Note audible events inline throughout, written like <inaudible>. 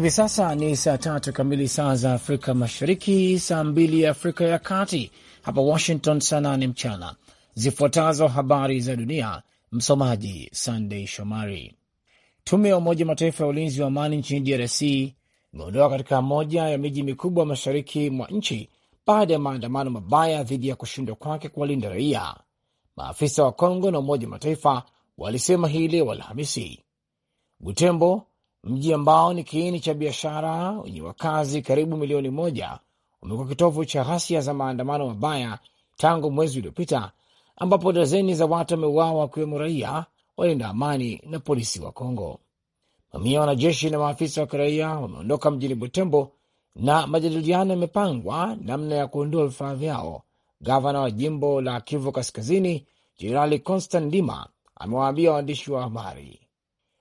Hivi sasa ni saa tatu kamili saa za Afrika Mashariki, saa mbili ya Afrika ya Kati, hapa Washington saa nane mchana. Zifuatazo habari za dunia, msomaji Sandei Shomari. Tume ya Umoja Mataifa ya ulinzi wa amani nchini DRC imeondoka katika moja ya miji mikubwa mashariki mwa nchi baada ya maandamano mabaya dhidi ya kushindwa kwake kuwalinda raia. Maafisa wa Kongo na Umoja Mataifa walisema hii leo Alhamisi. Butembo Mji ambao ni kiini cha biashara wenye wakazi karibu milioni moja umekuwa kitovu cha ghasia za maandamano mabaya tangu mwezi uliopita, ambapo dazeni za watu wameuawa wakiwemo raia, walinda amani na polisi wa Kongo. Mamia wanajeshi na maafisa wa kiraia wameondoka mjini Butembo na majadiliano yamepangwa namna ya kuondoa vifaa vyao. Gavana wa jimbo la Kivu Kaskazini, Jenerali Constant Ndima, amewaambia waandishi wa habari.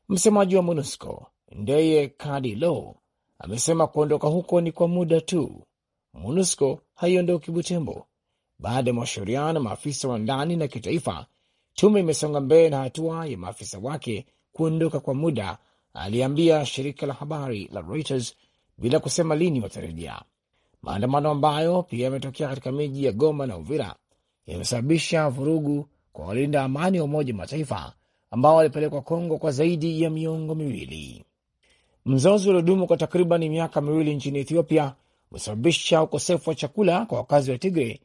Msemaji wa MONUSCO Ndeye Lo amesema kuondoka huko ni kwa muda tu. MONUSCO haiondoki Butembo. Baada ya mashauriano na maafisa wa ndani na kitaifa, tume imesonga mbele na hatua ya maafisa wake kuondoka kwa muda, aliambia shirika la habari la Reuters bila kusema lini watarejea. Maandamano ambayo pia yametokea katika miji ya Goma na Uvira yamesababisha vurugu kwa walinda amani wa Umoja Mataifa ambao walipelekwa Kongo kwa zaidi ya miongo miwili. Mzozo uliodumu kwa takriban miaka miwili nchini Ethiopia umesababisha ukosefu wa chakula kwa wakazi wa Tigre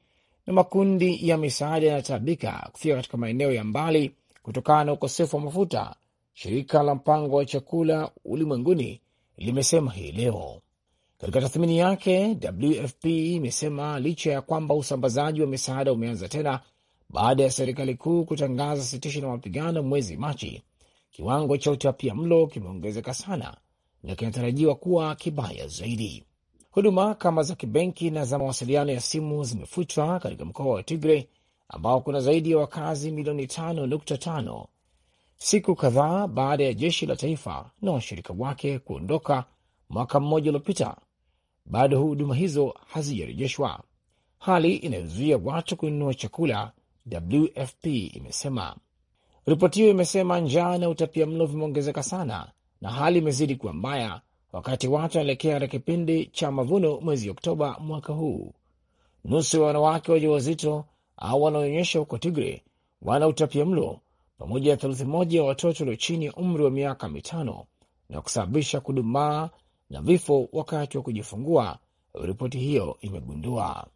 na makundi ya misaada yanataabika kufika katika maeneo ya mbali kutokana na ukosefu wa mafuta. Shirika la mpango wa chakula ulimwenguni limesema hii leo katika tathmini yake. WFP imesema licha ya kwamba usambazaji wa misaada umeanza tena baada ya serikali kuu kutangaza sitisho la mapigano mwezi Machi, kiwango cha utapia mlo kimeongezeka sana na kinatarajiwa kuwa kibaya zaidi. Huduma kama za kibenki na za mawasiliano ya simu zimefutwa katika mkoa wa Tigre ambao kuna zaidi ya wakazi milioni tano nukta tano siku kadhaa baada ya jeshi la taifa na washirika wake kuondoka mwaka mmoja uliopita. Bado huduma hizo hazijarejeshwa, hali inayozuia watu kununua chakula, WFP imesema. Ripoti hiyo imesema njaa na utapia mlo vimeongezeka sana na hali imezidi kuwa mbaya wakati watu wanaelekea katika kipindi cha mavuno mwezi Oktoba mwaka huu. Nusu ya wanawake wajawazito au wanaonyonyesha huko Tigre wana utapia mlo pamoja na theluthi moja ya watoto walio chini ya umri wa miaka mitano na kusababisha kudumaa na vifo wakati wa kujifungua, ripoti hiyo imegundua.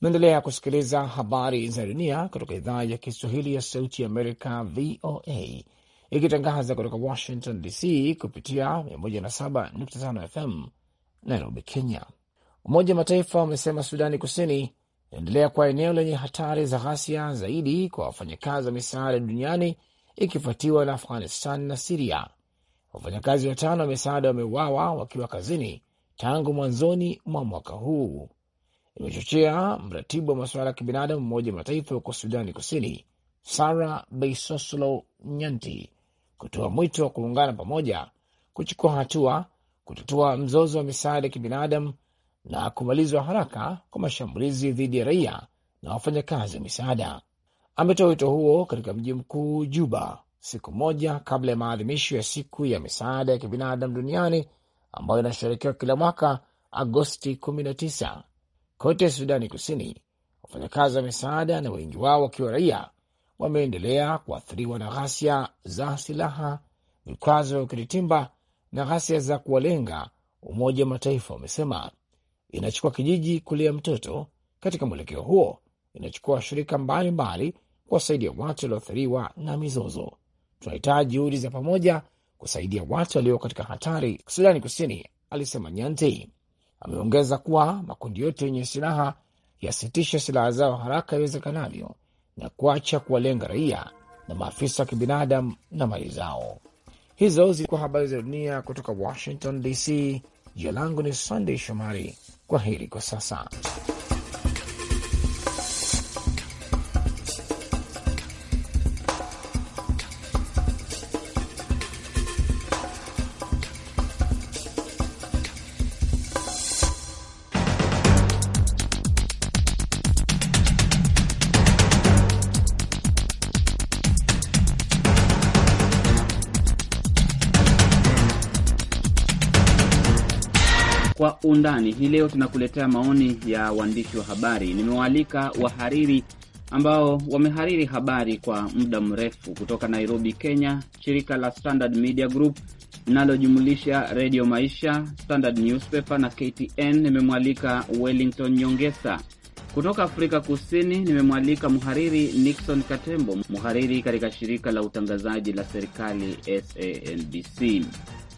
Naendelea kusikiliza habari za dunia kutoka idhaa ya Kiswahili ya Sauti ya Amerika, VOA, ikitangaza kutoka Washington DC kupitia 107.5 FM Nairobi, Kenya. Umoja wa Mataifa umesema Sudani Kusini inaendelea kwa eneo lenye hatari za ghasia zaidi kwa wafanyakazi wa misaada duniani ikifuatiwa na Afghanistan na Siria. Wafanyakazi watano wa misaada wameuawa wakiwa kazini tangu mwanzoni mwa mwaka huu. Imechochea mratibu wa masuala ya kibinadamu Umoja wa Mataifa huko Sudani Kusini, Sara Beisoslo Nyanti kutoa mwito wa kuungana pamoja kuchukua hatua kutatua mzozo wa misaada ya kibinadamu na kumalizwa haraka kwa mashambulizi dhidi ya raia na wafanyakazi wa misaada. Ametoa wito huo katika mji mkuu Juba, siku moja kabla ya maadhimisho ya siku ya misaada ya kibinadamu duniani ambayo inasherekewa kila mwaka Agosti 19 kote Sudani Kusini, wafanyakazi wa misaada na wengi wao wakiwa raia wameendelea kuathiriwa na ghasia za silaha, vikwazo vya ukiritimba na ghasia za kuwalenga. Umoja wa Mataifa umesema inachukua kijiji kulea mtoto. Katika mwelekeo huo, inachukua washirika mbalimbali kuwasaidia watu walioathiriwa na mizozo. Tunahitaji juhudi za pamoja kusaidia watu walio katika hatari Sudani Kusini, alisema Nyanti. Ameongeza kuwa makundi yote yenye silaha yasitishe silaha zao haraka iwezekanavyo na kuacha kuwalenga raia na maafisa wa kibinadamu na mali zao. Hizo zilikuwa habari za dunia kutoka Washington DC. Jina langu ni sandey Shomari. Kwa heri kwa sasa. Undani. Hii leo tunakuletea maoni ya waandishi wa habari. Nimewaalika wahariri ambao wamehariri habari kwa muda mrefu kutoka Nairobi, Kenya, shirika la Standard Media Group linalojumulisha Redio Maisha, Standard Newspaper na KTN. Nimemwalika Wellington Nyongesa kutoka Afrika Kusini. Nimemwalika mhariri Nixon Katembo, mhariri katika shirika la utangazaji la serikali SANBC.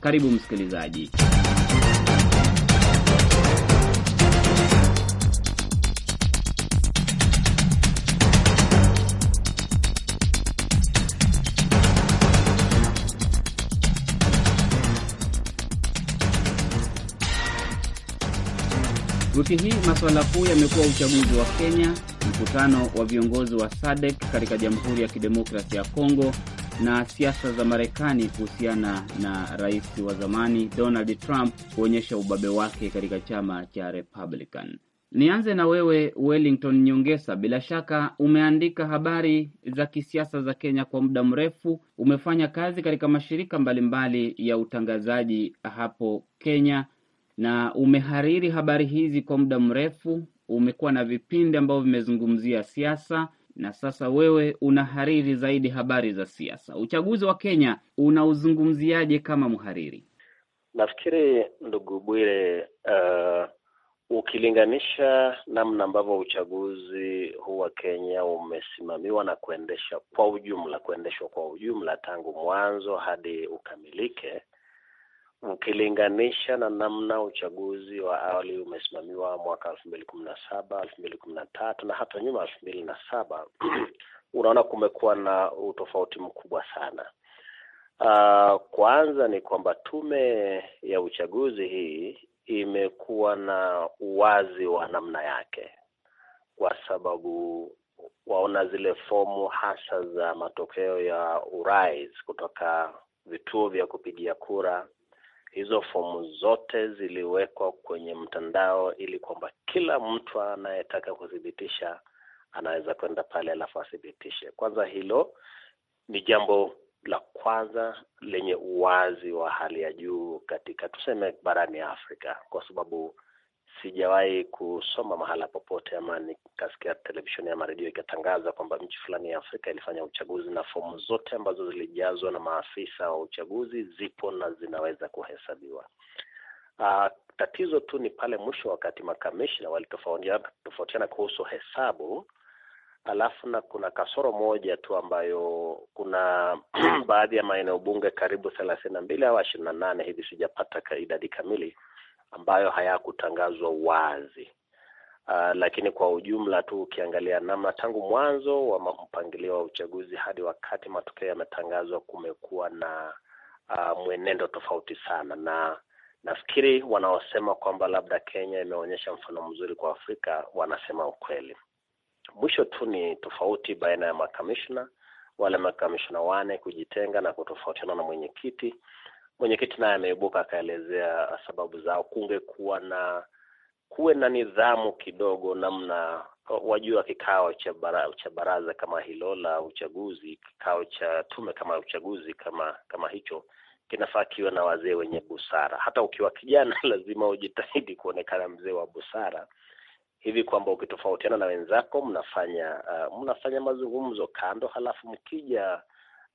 Karibu msikilizaji. Wiki hii masuala kuu yamekuwa uchaguzi wa Kenya, mkutano wa viongozi wa SADC katika Jamhuri ya Kidemokrasia ya Kongo na siasa za Marekani kuhusiana na rais wa zamani Donald Trump kuonyesha ubabe wake katika chama cha Republican. Nianze na wewe Wellington Nyongesa, bila shaka umeandika habari za kisiasa za Kenya kwa muda mrefu, umefanya kazi katika mashirika mbalimbali ya utangazaji hapo Kenya na umehariri habari hizi kwa muda mrefu. Umekuwa na vipindi ambavyo vimezungumzia siasa na sasa wewe unahariri zaidi habari za siasa. Uchaguzi wa Kenya unauzungumziaje kama mhariri? Nafikiri ndugu Bwire, uh, ukilinganisha namna ambavyo uchaguzi huu wa Kenya umesimamiwa na kuendesha kwa ujumla kuendeshwa kwa ujumla tangu mwanzo hadi ukamilike ukilinganisha na namna uchaguzi wa awali umesimamiwa mwaka elfu mbili kumi na saba elfu mbili kumi na tatu na hata nyuma elfu mbili na saba <clears throat> unaona kumekuwa na utofauti mkubwa sana. Uh, kwanza ni kwamba tume ya uchaguzi hii imekuwa na uwazi wa namna yake, kwa sababu waona zile fomu hasa za matokeo ya urais kutoka vituo vya kupigia kura Hizo fomu zote ziliwekwa kwenye mtandao ili kwamba kila mtu anayetaka kuthibitisha anaweza kwenda pale alafu athibitishe. Kwanza hilo ni jambo la kwanza lenye uwazi wa hali ya juu katika tuseme barani Afrika, kwa sababu sijawahi kusoma mahala popote ama nikasikia televisheni ama redio ikatangaza kwamba nchi fulani ya Afrika ilifanya uchaguzi, na fomu zote ambazo zilijazwa na maafisa wa uchaguzi zipo na zinaweza kuhesabiwa. Uh, tatizo tu ni pale mwisho, wakati makamishna walitofautiana kuhusu hesabu, alafu na kuna kasoro moja tu ambayo kuna <clears throat> baadhi ya maeneo bunge karibu thelathini na mbili au ishirini na nane hivi, sijapata idadi kamili ambayo hayakutangazwa wazi. Uh, lakini kwa ujumla tu ukiangalia namna tangu mwanzo wa mpangilio wa uchaguzi hadi wakati matokeo yametangazwa, kumekuwa na uh, mwenendo tofauti sana, na nafikiri wanaosema kwamba labda Kenya imeonyesha mfano mzuri kwa Afrika wanasema ukweli. Mwisho tu ni tofauti baina ya makamishna wale makamishna wane kujitenga na kutofautiana na mwenyekiti mwenyekiti naye ameibuka akaelezea sababu zao. Kungekuwa na kuwe na nidhamu kidogo, namna wajua, kikao cha bara, cha baraza kama hilo la uchaguzi, kikao cha tume kama uchaguzi kama kama hicho kinafaa kiwe na wazee wenye busara. Hata ukiwa kijana <laughs> lazima ujitahidi kuonekana mzee wa busara hivi kwamba ukitofautiana na wenzako mnafanya uh, mnafanya mazungumzo kando, halafu mkija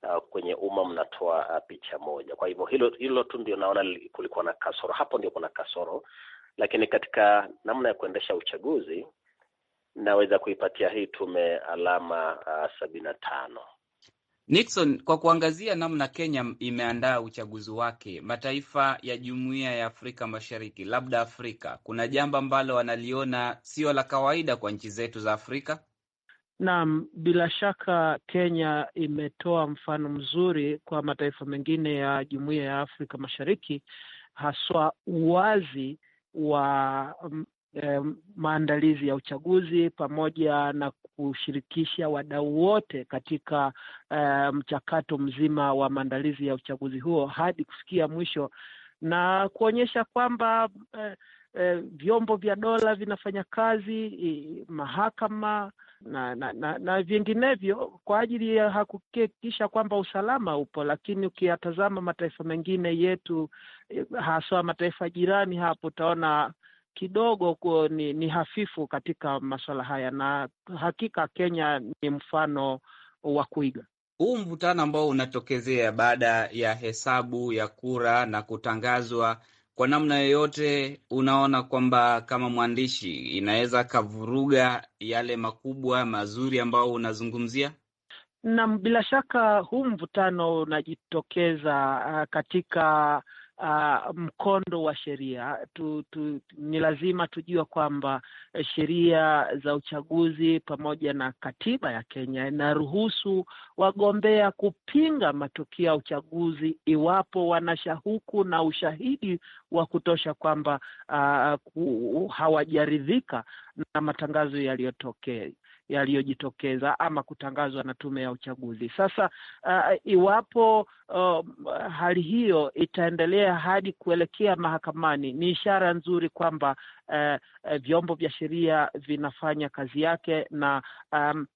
uh, kwenye umma mnatoa uh, picha moja. Kwa hivyo hilo hilo tu ndio naona kulikuwa na kasoro hapo, ndio kuna kasoro, lakini katika namna ya kuendesha uchaguzi naweza kuipatia hii tume alama uh, sabini na tano. Nixon, kwa kuangazia namna Kenya imeandaa uchaguzi wake, mataifa ya jumuiya ya Afrika Mashariki, labda Afrika, kuna jambo ambalo wanaliona sio la kawaida kwa nchi zetu za Afrika? Naam, bila shaka Kenya imetoa mfano mzuri kwa mataifa mengine ya Jumuiya ya Afrika Mashariki, haswa uwazi wa mm, eh, maandalizi ya uchaguzi pamoja na kushirikisha wadau wote katika eh, mchakato mzima wa maandalizi ya uchaguzi huo hadi kufikia mwisho na kuonyesha kwamba eh, eh, vyombo vya dola vinafanya kazi eh, mahakama na na, na, na vinginevyo kwa ajili ya hakukikisha kwamba usalama upo. Lakini ukiyatazama mataifa mengine yetu, haswa mataifa jirani hapo, utaona kidogo kuo ni, ni hafifu katika masuala haya, na hakika Kenya ni mfano wa kuiga. Huu mvutano ambao unatokezea baada ya hesabu ya kura na kutangazwa kwa namna yoyote unaona kwamba kama mwandishi inaweza kavuruga yale makubwa mazuri ambayo unazungumzia? Naam, bila shaka huu mvutano unajitokeza uh, katika uh, mkondo wa sheria tu, tu, ni lazima tujue kwamba eh, sheria za uchaguzi pamoja na katiba ya Kenya inaruhusu wagombea kupinga matokeo ya uchaguzi iwapo wanashahuku na ushahidi wa kutosha kwamba uh, hawajaridhika na matangazo yaliyotokea yaliyojitokeza ama kutangazwa na tume ya uchaguzi. Sasa uh, iwapo uh, hali hiyo itaendelea hadi kuelekea mahakamani, ni ishara nzuri kwamba uh, uh vyombo vya sheria vinafanya kazi yake na um,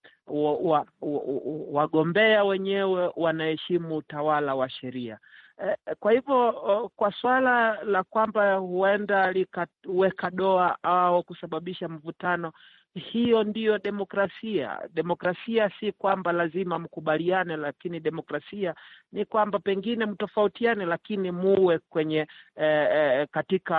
wagombea wa, wa, wa wenyewe wanaheshimu utawala wa sheria. Uh, kwa hivyo uh, kwa suala la kwamba huenda likaweka doa au kusababisha mvutano, hiyo ndiyo demokrasia. Demokrasia si kwamba lazima mkubaliane, lakini demokrasia ni kwamba pengine mtofautiane, lakini muwe kwenye eh, eh, katika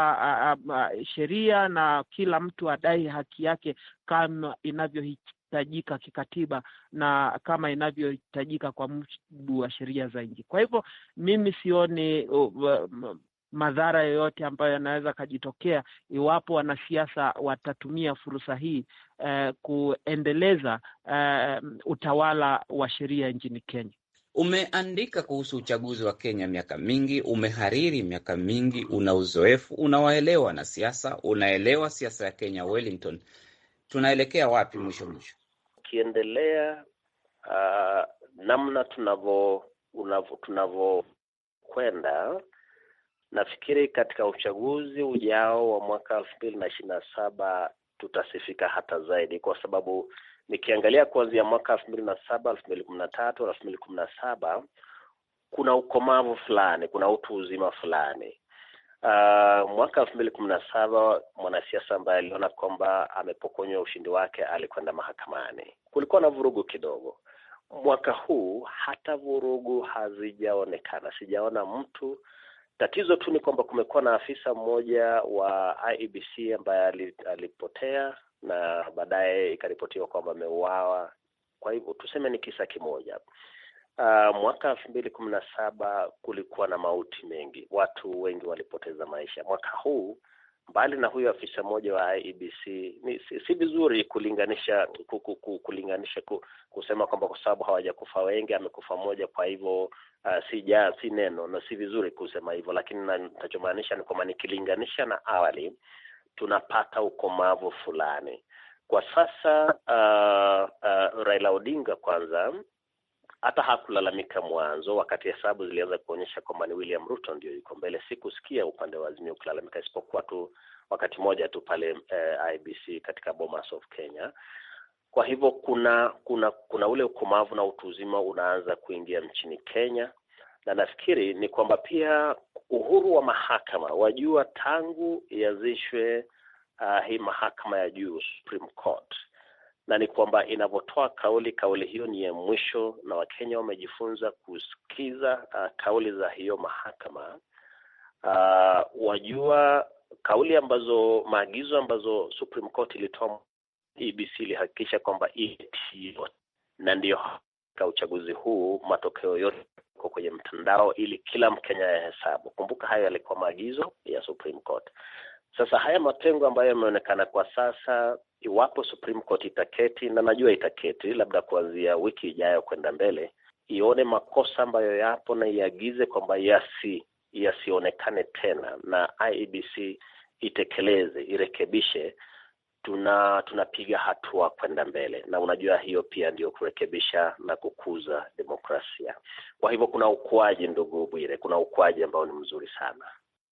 uh, uh, sheria na kila mtu adai haki yake kama inavyohitajika kikatiba na kama inavyohitajika kwa mujibu wa sheria za nchi. Kwa hivyo mimi sioni uh, uh, madhara yoyote ambayo yanaweza akajitokea iwapo wanasiasa watatumia fursa hii eh, kuendeleza eh, utawala wa sheria nchini Kenya. Umeandika kuhusu uchaguzi wa Kenya miaka mingi, umehariri miaka mingi, una uzoefu, unawaelewa siasa unaelewa siasa ya Kenya. Wellington, tunaelekea wapi mwisho mwisho? Ukiendelea uh, namna tunavyo tunavyokwenda Nafikiri katika uchaguzi ujao wa mwaka elfu mbili na ishirini na saba tutasifika hata zaidi, kwa sababu nikiangalia kuanzia mwaka elfu mbili na saba elfu mbili kumi na tatu elfu mbili kumi na saba kuna ukomavu fulani, kuna utu uzima fulani. Uh, mwaka elfu mbili kumi na saba mwanasiasa ambaye aliona kwamba amepokonywa ushindi wake alikwenda mahakamani, kulikuwa na vurugu kidogo. Mwaka huu hata vurugu hazijaonekana, sijaona mtu Tatizo tu ni kwamba kumekuwa na afisa mmoja wa IEBC ambaye alipotea na baadaye ikaripotiwa kwamba ameuawa. Kwa hivyo tuseme ni kisa kimoja. Uh, mwaka elfu mbili kumi na saba kulikuwa na mauti mengi, watu wengi walipoteza maisha. Mwaka huu Mbali na huyo afisa mmoja wa IEBC ni, si, si vizuri kulinganisha kuku, kulinganisha kusema kwamba kwa sababu hawajakufa wengi amekufa mmoja, kwa hivyo uh, si ja, si neno na si vizuri kusema hivyo, lakini nachomaanisha ni kwamba nikilinganisha na awali tunapata ukomavu fulani kwa sasa. Uh, uh, Raila Odinga kwanza hata hakulalamika mwanzo, wakati hesabu zilianza kuonyesha kwamba ni William Ruto ndio yuko mbele. Sikusikia upande wa Azimio kulalamika, isipokuwa tu wakati mmoja tu pale eh, IBC katika Bomas of Kenya. Kwa hivyo kuna kuna kuna ule ukomavu na utu uzima unaanza kuingia nchini Kenya, na nafikiri ni kwamba pia uhuru wa mahakama, wajua, tangu ianzishwe uh, hii mahakama ya juu Supreme Court na ni kwamba inavyotoa kauli, kauli hiyo ni ya mwisho, na Wakenya wamejifunza kusikiza uh, kauli za hiyo mahakama uh, wajua kauli ambazo maagizo ambazo Supreme Court ilitoa IBC e ilihakikisha kwamba na ndiyo ka uchaguzi huu matokeo yote ko kwenye mtandao ili kila Mkenya ya hesabu. Kumbuka hayo yalikuwa maagizo ya Supreme Court. Sasa haya mapengo ambayo yameonekana kwa sasa, iwapo Supreme Court itaketi, na najua itaketi labda kuanzia wiki ijayo kwenda mbele, ione makosa ambayo yapo na iagize kwamba yasi yasionekane tena, na IEBC itekeleze, irekebishe, tuna tunapiga hatua kwenda mbele, na unajua hiyo pia ndio kurekebisha na kukuza demokrasia. Kwa hivyo kuna ukuaji, ndugu Bwire, kuna ukuaji ambao ni mzuri sana.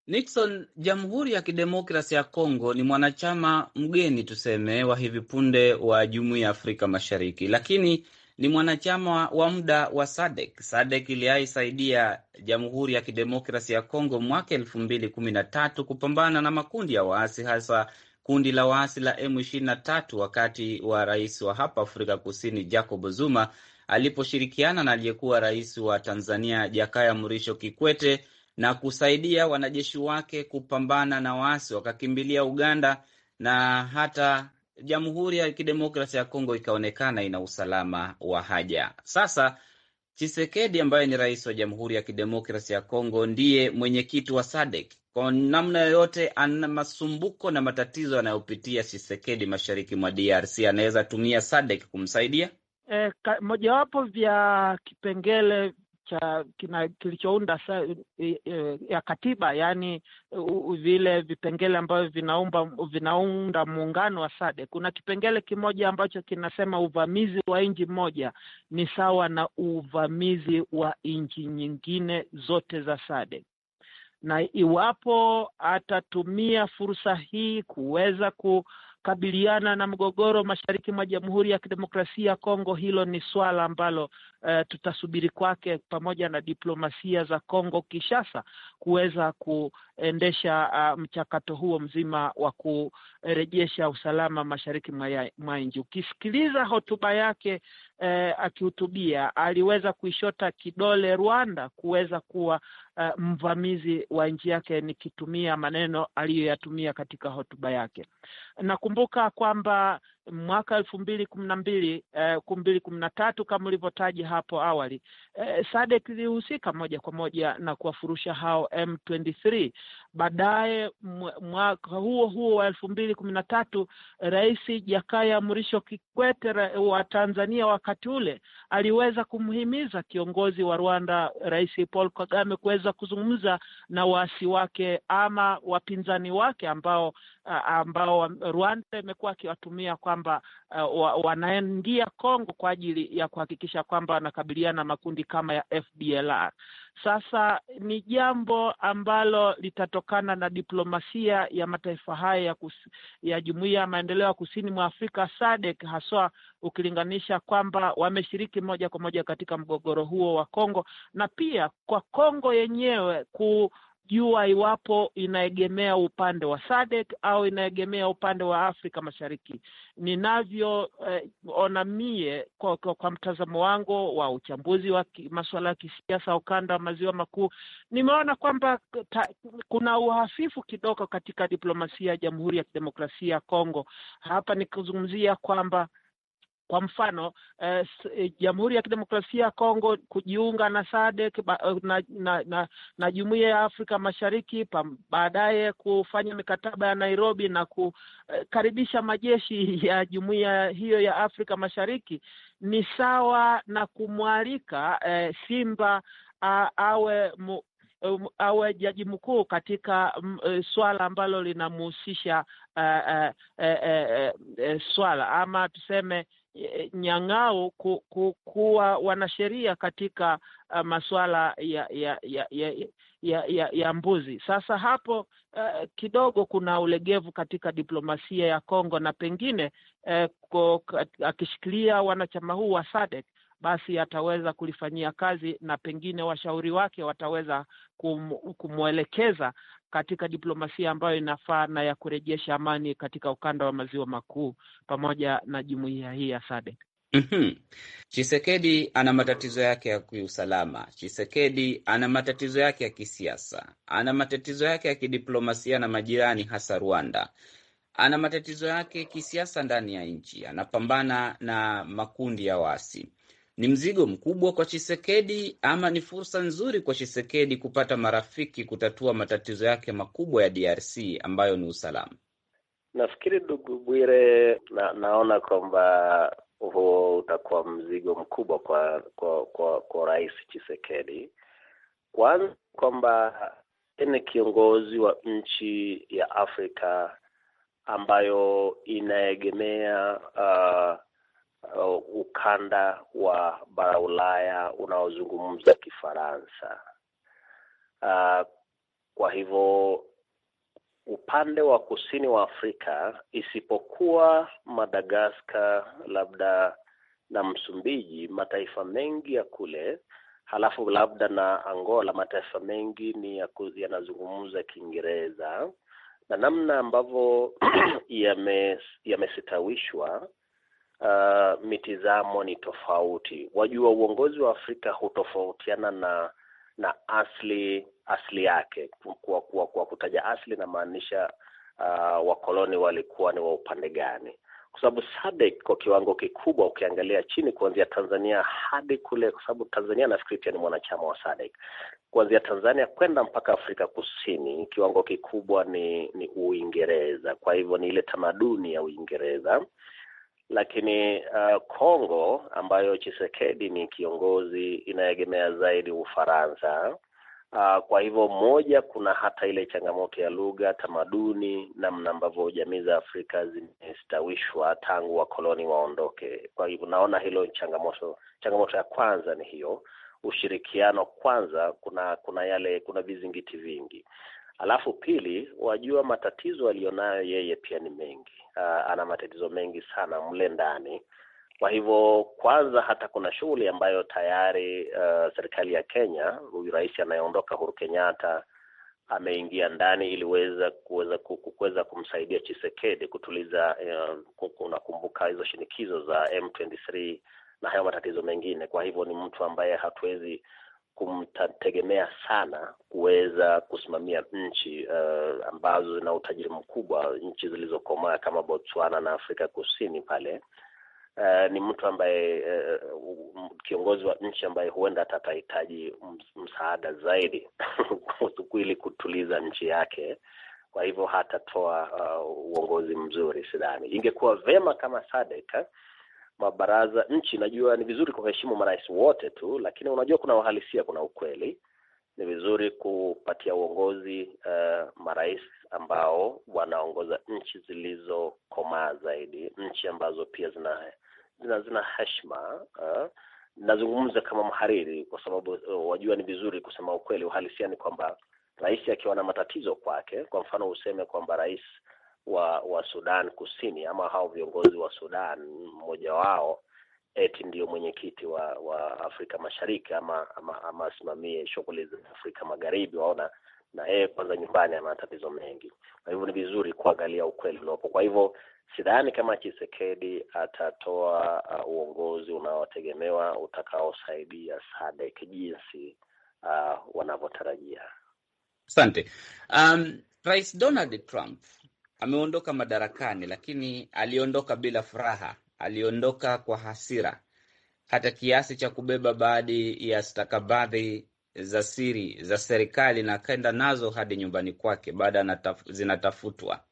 Nixon, Jamhuri ya Kidemokrasi ya Kongo ni mwanachama mgeni tuseme, wa hivi punde wa Jumuiya ya Afrika Mashariki, lakini ni mwanachama wa muda wa SADEK. SADEK iliyaisaidia Jamhuri ya Kidemokrasi ya Kongo mwaka elfu mbili kumi na tatu kupambana na makundi ya waasi, hasa kundi la waasi la M23 wakati wa rais wa hapa Afrika Kusini Jacob Zuma aliposhirikiana na aliyekuwa rais wa Tanzania Jakaya Mrisho Kikwete na kusaidia wanajeshi wake kupambana na waasi wakakimbilia Uganda na hata Jamhuri ya Kidemokrasia ya Kongo ikaonekana ina usalama wa haja. Sasa Chisekedi ambaye ni rais wa Jamhuri ya Kidemokrasia ya Kongo ndiye mwenyekiti wa SADC. Kwa namna yoyote, ana masumbuko na matatizo yanayopitia Chisekedi mashariki mwa DRC, anaweza tumia SADC kumsaidia. E, mojawapo vya kipengele cha kilichounda e, e, ya katiba yaani vile vipengele ambavyo vinaumba vinaunda muungano wa sade Kuna kipengele kimoja ambacho kinasema uvamizi wa nchi moja ni sawa na uvamizi wa nchi nyingine zote za sade na iwapo atatumia fursa hii kuweza ku kabiliana na mgogoro mashariki mwa Jamhuri ya Kidemokrasia ya Kongo, hilo ni swala ambalo uh, tutasubiri kwake pamoja na diplomasia za Kongo kishasa kuweza ku endesha uh, mchakato huo mzima wa kurejesha usalama mashariki mwa nchi. Ukisikiliza hotuba yake uh, akihutubia, aliweza kuishota kidole Rwanda kuweza kuwa uh, mvamizi wa nchi yake, nikitumia maneno aliyoyatumia katika hotuba yake. Nakumbuka kwamba mwaka elfu mbili kumi na mbili eh, elfu mbili kumi na tatu kama ulivyotaja hapo awali eh, SADC ilihusika moja kwa moja na kuwafurusha hao M23. Baadaye mwaka huo huo wa elfu mbili kumi na tatu Rais Jakaya Mrisho Kikwete wa Tanzania wakati ule aliweza kumhimiza kiongozi wa Rwanda Rais Paul Kagame kuweza kuzungumza na waasi wake ama wapinzani wake ambao ambao Rwanda imekuwa akiwatumia kwa kwamba uh, wanaingia Kongo kwa ajili ya kuhakikisha kwamba wanakabiliana na makundi kama ya FDLR. Sasa ni jambo ambalo litatokana na diplomasia ya mataifa haya ya, ya Jumuiya ya Maendeleo ya Kusini mwa Afrika SADC, haswa ukilinganisha kwamba wameshiriki moja kwa moja katika mgogoro huo wa Kongo na pia kwa Kongo yenyewe ku jua iwapo inaegemea upande wa SADC au inaegemea upande wa Afrika Mashariki. Ninavyoona eh, mie kwa, kwa, kwa mtazamo wangu wa uchambuzi wa masuala ya kisiasa ukanda wa maziwa makuu, nimeona kwamba ta, kuna uhafifu kidogo katika diplomasia ya Jamhuri ya Kidemokrasia ya Kongo. Hapa nikizungumzia kwamba kwa mfano eh, eh, Jamhuri ya Kidemokrasia ya Kongo kujiunga na SADC eh, na, na, na, na Jumuiya ya Afrika Mashariki, baadaye kufanya mikataba ya Nairobi na kukaribisha majeshi <laughs> ya jumuiya hiyo ya Afrika Mashariki ni sawa na kumwalika eh, Simba a, awe mu, um, awe jaji mkuu katika uh, swala ambalo linamhusisha uh, uh, uh, uh, uh, swala ama tuseme Eh, Nyang'au ku, ku, kuwa wanasheria katika uh, eh, masuala ya ya ya, ya ya ya ya mbuzi. Sasa hapo uh, kidogo kuna ulegevu katika diplomasia ya Kongo na pengine uh, akishikilia wanachama huu wa SADC basi ataweza kulifanyia kazi na pengine washauri wake wataweza kum, kumwelekeza katika diplomasia ambayo inafaa na ya kurejesha amani katika ukanda wa maziwa makuu pamoja na jumuiya hii ya SADC. Mm -hmm. Chisekedi ana matatizo yake ya kiusalama. Chisekedi ana matatizo yake ya kisiasa, ana matatizo yake ya kidiplomasia na majirani, hasa Rwanda. Ana matatizo yake kisiasa ndani ya nchi, anapambana na makundi ya wasi ni mzigo mkubwa kwa Chisekedi ama ni fursa nzuri kwa Chisekedi kupata marafiki kutatua matatizo yake makubwa ya DRC ambayo ni usalama? Nafikiri ndugu Bwire, na, naona kwamba huo utakuwa mzigo mkubwa kwa kwa kwa, kwa Rais Chisekedi. Kwanza kwamba ni kiongozi wa nchi ya Afrika ambayo inaegemea uh, uh, ukanda wa bara Ulaya unaozungumza Kifaransa. Uh, kwa hivyo upande wa kusini wa Afrika isipokuwa Madagaskar labda na Msumbiji, mataifa mengi ya kule, halafu labda na Angola, mataifa mengi ni yanazungumza Kiingereza na namna ambavyo <clears throat> yamesitawishwa uh, mitizamo ni tofauti. Wajua, uongozi wa Afrika hutofautiana na na asli asli yake. Kwa, kwa, kwa kutaja asli namaanisha uh, wakoloni walikuwa ni wa upande gani? Kwa sababu SADC kwa kiwango kikubwa, ukiangalia chini kuanzia Tanzania hadi kule, kwa sababu Tanzania nafikiri pia ni mwanachama wa SADC, kuanzia Tanzania kwenda mpaka Afrika Kusini, kiwango kikubwa ni ni Uingereza. Kwa hivyo ni ile tamaduni ya Uingereza lakini uh, Congo uh, ambayo Chisekedi ni kiongozi inaegemea zaidi Ufaransa. Uh, kwa hivyo moja, kuna hata ile changamoto ya lugha, tamaduni, namna ambavyo jamii za Afrika zimestawishwa tangu wakoloni waondoke. Kwa hivyo naona hilo changamoto, changamoto ya kwanza ni hiyo ushirikiano kwanza. Kuna kuna yale kuna vizingiti vingi, Alafu pili, wajua matatizo aliyonayo yeye pia ni mengi. Uh, ana matatizo mengi sana mle ndani. Kwa hivyo kwanza, hata kuna shughuli ambayo tayari uh, serikali ya Kenya, huyu rais anayeondoka Uhuru Kenyatta ameingia ndani ili weza kuweza kuweza kumsaidia Chisekedi kutuliza uh, unakumbuka hizo shinikizo za M23 na hayo matatizo mengine. Kwa hivyo ni mtu ambaye hatuwezi kumtategemea sana kuweza kusimamia nchi uh, ambazo zina utajiri mkubwa, nchi zilizokomaa kama Botswana na Afrika Kusini pale. Uh, ni mtu ambaye uh, kiongozi wa nchi ambaye huenda atahitaji msaada zaidi <laughs> ili kutuliza nchi yake. Kwa hivyo hatatoa uh, uongozi mzuri sidhani. Ingekuwa vema kama Sadek mabaraza nchi. Najua ni vizuri kuheshimu marais wote tu, lakini unajua kuna uhalisia, kuna ukweli. Ni vizuri kupatia uongozi uh, marais ambao wanaongoza nchi zilizokomaa zaidi, nchi ambazo pia zina zina, zina heshima uh, nazungumza kama mhariri kwa sababu uh, wajua ni vizuri kusema ukweli. Uhalisia ni kwamba rais akiwa na matatizo kwake, kwa mfano useme kwamba rais wa wa Sudan Kusini ama hao viongozi wa Sudan, mmoja wao eti ndiyo mwenyekiti wa wa Afrika Mashariki ama ama, ama asimamie shughuli za Afrika Magharibi, waona na yeye kwanza nyumbani ana matatizo mengi. Kwa hivyo ni vizuri kuangalia ukweli uliopo. Kwa hivyo sidhani kama Chisekedi atatoa uh, uongozi unaotegemewa utakaosaidia SADC jinsi uh, wanavyotarajia. Asante. Um, Rais Donald Trump ameondoka madarakani, lakini aliondoka bila furaha, aliondoka kwa hasira, hata kiasi cha kubeba baadhi ya stakabadhi za siri za serikali na akaenda nazo hadi nyumbani kwake, baada zinatafutwa.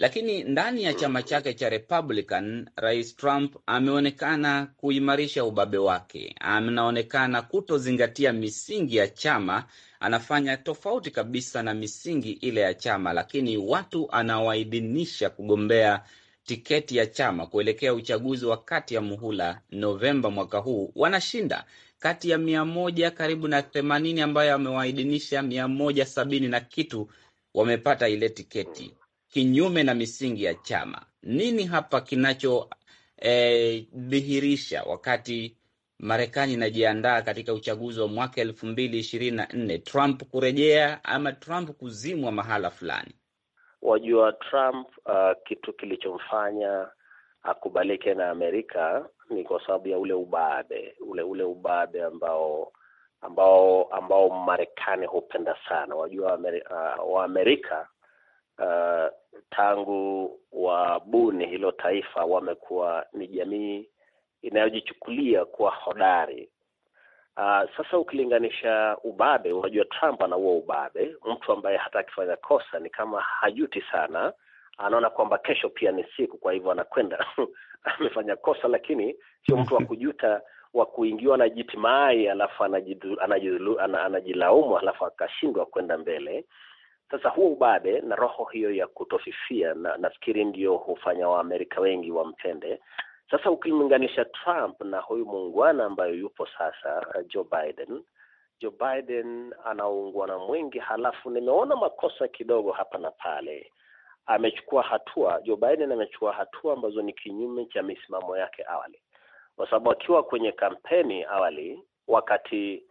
Lakini ndani ya chama chake cha Republican, Rais Trump ameonekana kuimarisha ubabe wake, anaonekana kutozingatia misingi ya chama, anafanya tofauti kabisa na misingi ile ya chama, lakini watu anawaidhinisha kugombea tiketi ya chama kuelekea uchaguzi wa kati ya muhula Novemba mwaka huu. Wanashinda kati ya mia moja karibu na themanini ambayo amewaidhinisha mia moja sabini na kitu wamepata ile tiketi kinyume na misingi ya chama. Nini hapa kinachodhihirisha e, eh, wakati Marekani inajiandaa katika uchaguzi wa mwaka elfu mbili ishirini na nne Trump kurejea ama Trump kuzimwa mahala fulani? Wajua Trump uh, kitu kilichomfanya akubalike na Amerika ni kwa sababu ya ule ubabe ule ule ubabe ambao ambao ambao Marekani hupenda sana. Wajua Ameri, uh, wa Amerika uh, tangu wabuni hilo taifa wamekuwa ni jamii inayojichukulia kuwa hodari. Aa, ah, sasa ukilinganisha ubabe, unajua Trump anaua ubabe. Mtu ambaye hata akifanya kosa ni kama hajuti sana, anaona kwamba kesho pia ni siku, kwa hivyo anakwenda <laughs> amefanya kosa, lakini sio mtu wa kujuta wa kuingiwa na jitimai alafu anajilaumu alafu akashindwa kwenda mbele. Sasa huo ubabe na roho hiyo ya kutofifia, na nafikiri ndio hufanya Waamerika wengi wampende. Sasa ukimlinganisha Trump na huyu muungwana ambayo yupo sasa, uh, Joe Biden, Joe Biden ana uungwana mwingi, halafu nimeona makosa kidogo hapa na pale. Amechukua hatua Joe Biden amechukua hatua ambazo ni kinyume cha misimamo yake awali, kwa sababu akiwa kwenye kampeni awali, wakati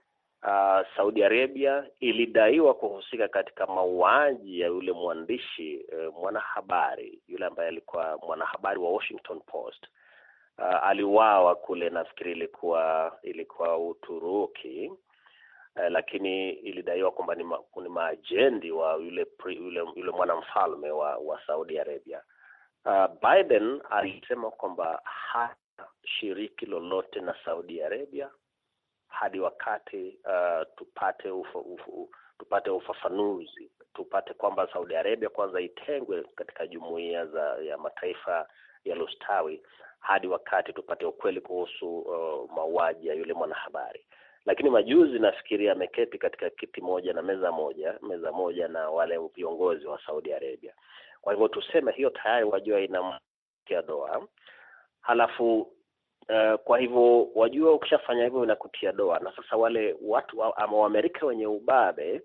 uh, Saudi Arabia ilidaiwa kuhusika katika mauaji ya yule mwandishi eh, mwanahabari yule ambaye alikuwa mwanahabari wa Washington Post. Uh, aliuawa kule, nafikiri ilikuwa ilikuwa Uturuki. Uh, lakini ilidaiwa kwamba ni, ma, ni maajendi wa yule yule, yule mwanamfalme wa, wa Saudi Arabia. Uh, Biden alisema kwamba hata shiriki lolote na Saudi Arabia hadi wakati uh, tupate ufa, ufa, tupate ufafanuzi, tupate kwamba Saudi Arabia kwanza itengwe katika jumuiya za ya mataifa yaliyostawi hadi wakati tupate ukweli kuhusu uh, mauaji ya yule mwanahabari. Lakini majuzi nafikiri ameketi katika kiti moja na meza moja meza moja na wale viongozi wa Saudi Arabia. Kwa hivyo tuseme hiyo tayari wajua inamtia doa, halafu Uh, kwa hivyo wajua, ukishafanya hivyo inakutia doa. Na sasa wale watu ama Waamerika wenye ubabe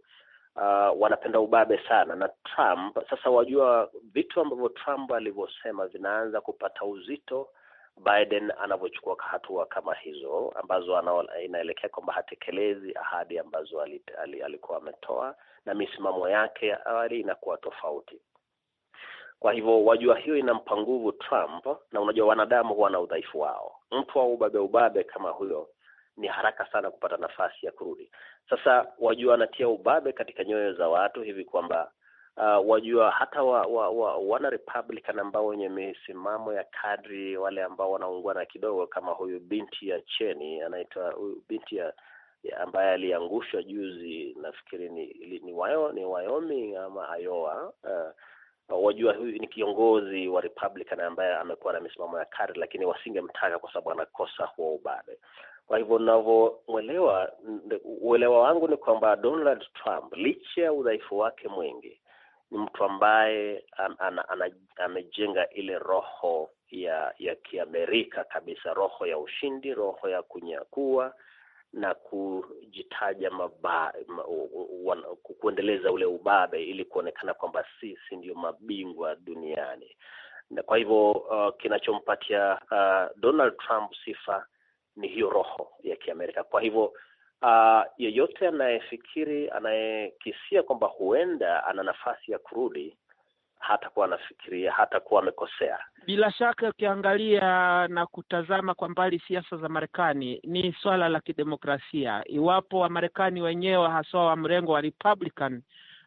uh, wanapenda ubabe sana, na Trump sasa, wajua vitu ambavyo Trump alivyosema zinaanza kupata uzito Biden anavyochukua hatua kama hizo ambazo ana, inaelekea kwamba hatekelezi ahadi ambazo alikuwa ametoa na misimamo yake awali inakuwa tofauti. Kwa hivyo wajua, hiyo inampa nguvu Trump, na unajua wanadamu huwa na udhaifu wao. Mtu wa ubabe ubabe kama huyo ni haraka sana kupata nafasi ya kurudi. Sasa wajua, anatia ubabe katika nyoyo za watu hivi kwamba uh, wajua hata wa, wa, wa, wana Republican ambao wenye misimamo ya kadri, wale ambao wanaungwana na kidogo kama huyu binti ya Cheni anaitwa huyu binti ya ambaye aliangushwa juzi, nafikiri ni ni, ni, ni Wyoming ama Iowa uh, wajua huyu ni kiongozi wa Republican ambaye amekuwa na misimamo ya kari, lakini wasingemtaka kwa sababu anakosa huo ubabe. Kwa hivyo ninavyouelewa, uelewa wangu ni kwamba Donald Trump licha ya udhaifu wake mwingi ni mtu ambaye an, an, an, amejenga ile roho ya ya Kiamerika kabisa, roho ya ushindi, roho ya kunyakua na kujitaja ma, kuendeleza ule ubabe ili kuonekana kwamba sisi ndio mabingwa duniani. Na kwa hivyo uh, kinachompatia uh, Donald Trump sifa ni hiyo roho ya Kiamerika. Kwa hivyo uh, yeyote anayefikiri anayekisia kwamba huenda ana nafasi ya kurudi hatakuwa anafikiria, hatakuwa amekosea. Bila shaka, ukiangalia na kutazama kwa mbali siasa za Marekani ni swala la kidemokrasia. Iwapo Wamarekani wenyewe haswa wa mrengo wa Republican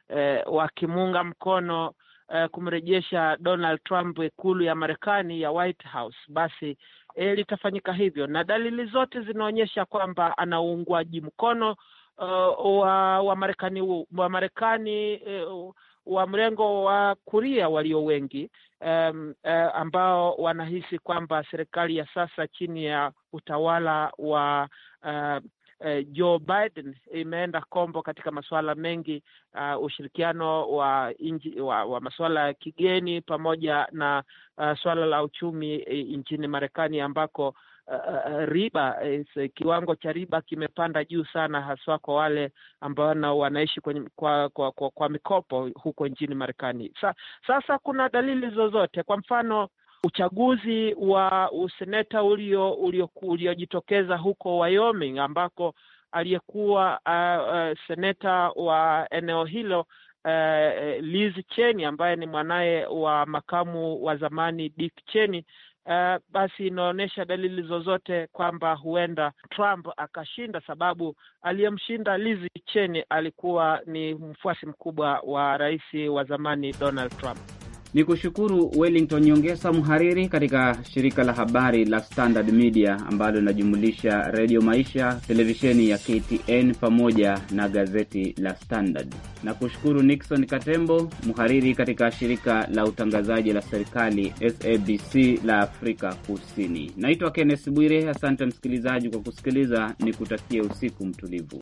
eh, wakimuunga mkono eh, kumrejesha Donald Trump ikulu ya Marekani ya White House, basi eh, litafanyika hivyo, na dalili zote zinaonyesha kwamba ana uungwaji mkono Uh, wa Marekani wa Marekani uh, wa mrengo wa kulia walio wengi um, uh, ambao wanahisi kwamba serikali ya sasa chini ya utawala wa uh, Uh, Joe Biden imeenda kombo katika masuala mengi uh, ushirikiano wa inji, wa, wa masuala ya kigeni pamoja na uh, suala la uchumi nchini Marekani ambako uh, riba is, kiwango cha riba kimepanda juu sana, haswa kwa wale ambao wanaishi kwenye, kwa, kwa, kwa, kwa mikopo huko nchini Marekani. Sa, sasa kuna dalili zozote, kwa mfano uchaguzi wa useneta uliojitokeza ulio, ulio huko Wyoming ambako aliyekuwa uh, uh, seneta wa eneo hilo uh, Liz Cheney ambaye ni mwanaye wa makamu wa zamani Dick Cheney uh, basi inaonyesha dalili zozote kwamba huenda Trump akashinda, sababu aliyemshinda Liz Cheney alikuwa ni mfuasi mkubwa wa rais wa zamani Donald Trump ni kushukuru Wellington Nyongesa, mhariri katika shirika la habari la Standard Media ambalo linajumulisha Redio Maisha, televisheni ya KTN pamoja na gazeti la Standard, na kushukuru Nixon Katembo, mhariri katika shirika la utangazaji la serikali SABC la Afrika Kusini. Naitwa Kenneth Bwire, asante msikilizaji kwa kusikiliza, ni kutakia usiku mtulivu.